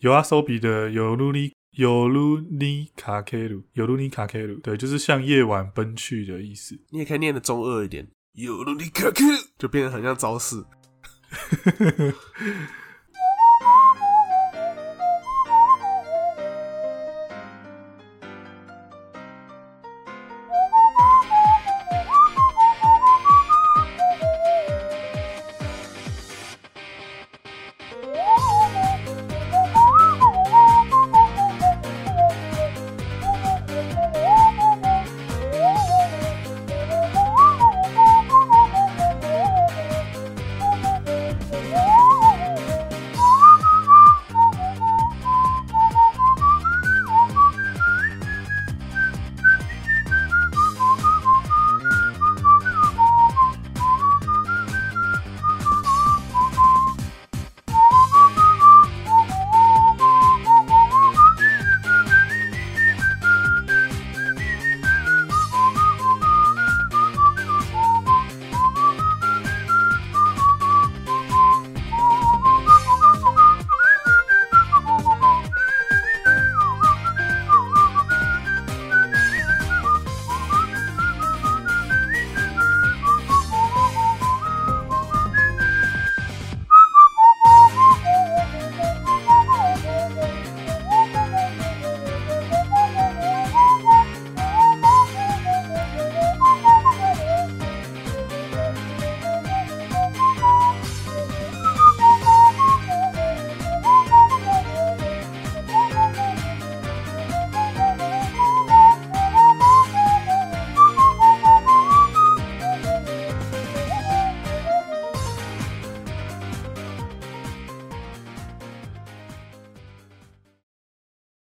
有啊，索比的有路尼，有路尼卡凱魯，有路尼卡凱魯，對，就是向夜晚奔去的意思。你也可以念得中二一點，有路尼卡凱魯，就變得很像招式。